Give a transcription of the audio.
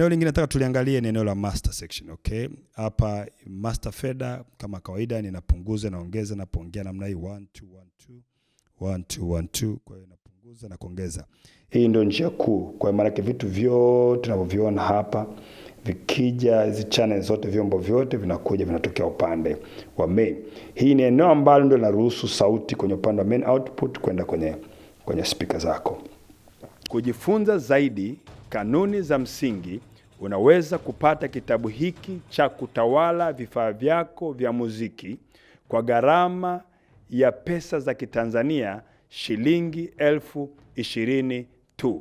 Eneo lingine nataka tuliangalie ni eneo la master section, okay? Hapa master fader kama kawaida ninapunguza naongeza na kuongea namna hii 1 2 1 2 1 kwa hiyo napunguza na kuongeza. Hii ndio njia kuu. Kwa maana yake vitu vyote tunavyoviona hapa vikija hizi channel zote vyombo vyote vinakuja vinatokea upande wa main. Hii ni eneo ambalo ndio linaruhusu sauti kwenye upande wa main output kwenda kwenye kwenye speaker zako. Kujifunza zaidi kanuni za msingi, unaweza kupata kitabu hiki cha kutawala vifaa vyako vya muziki kwa gharama ya pesa za Kitanzania shilingi elfu ishirini tu.